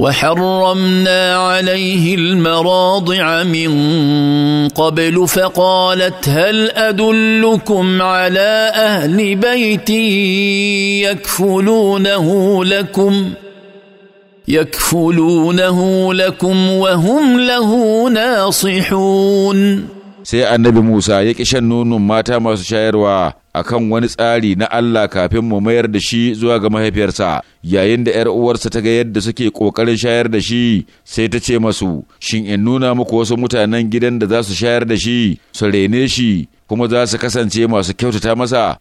وحرمنا عليه المراضع من قبل فقالت هل ادلكم على اهل بيت يكفلونه لكم يكفلونه لكم وهم له ناصحون sai annabi Musa ya ƙi shan nonon mata masu shayarwa a kan wani tsari na Allah kafin mu mayar da shi zuwa ga mahaifiyarsa yayin da 'yar uwarsa ta ga yadda suke ƙoƙarin shayar da shi sai ta ce masu shin in nuna muku wasu mutanen gidan da za su shayar da shi su rene shi kuma za su kasance masu kyautata masa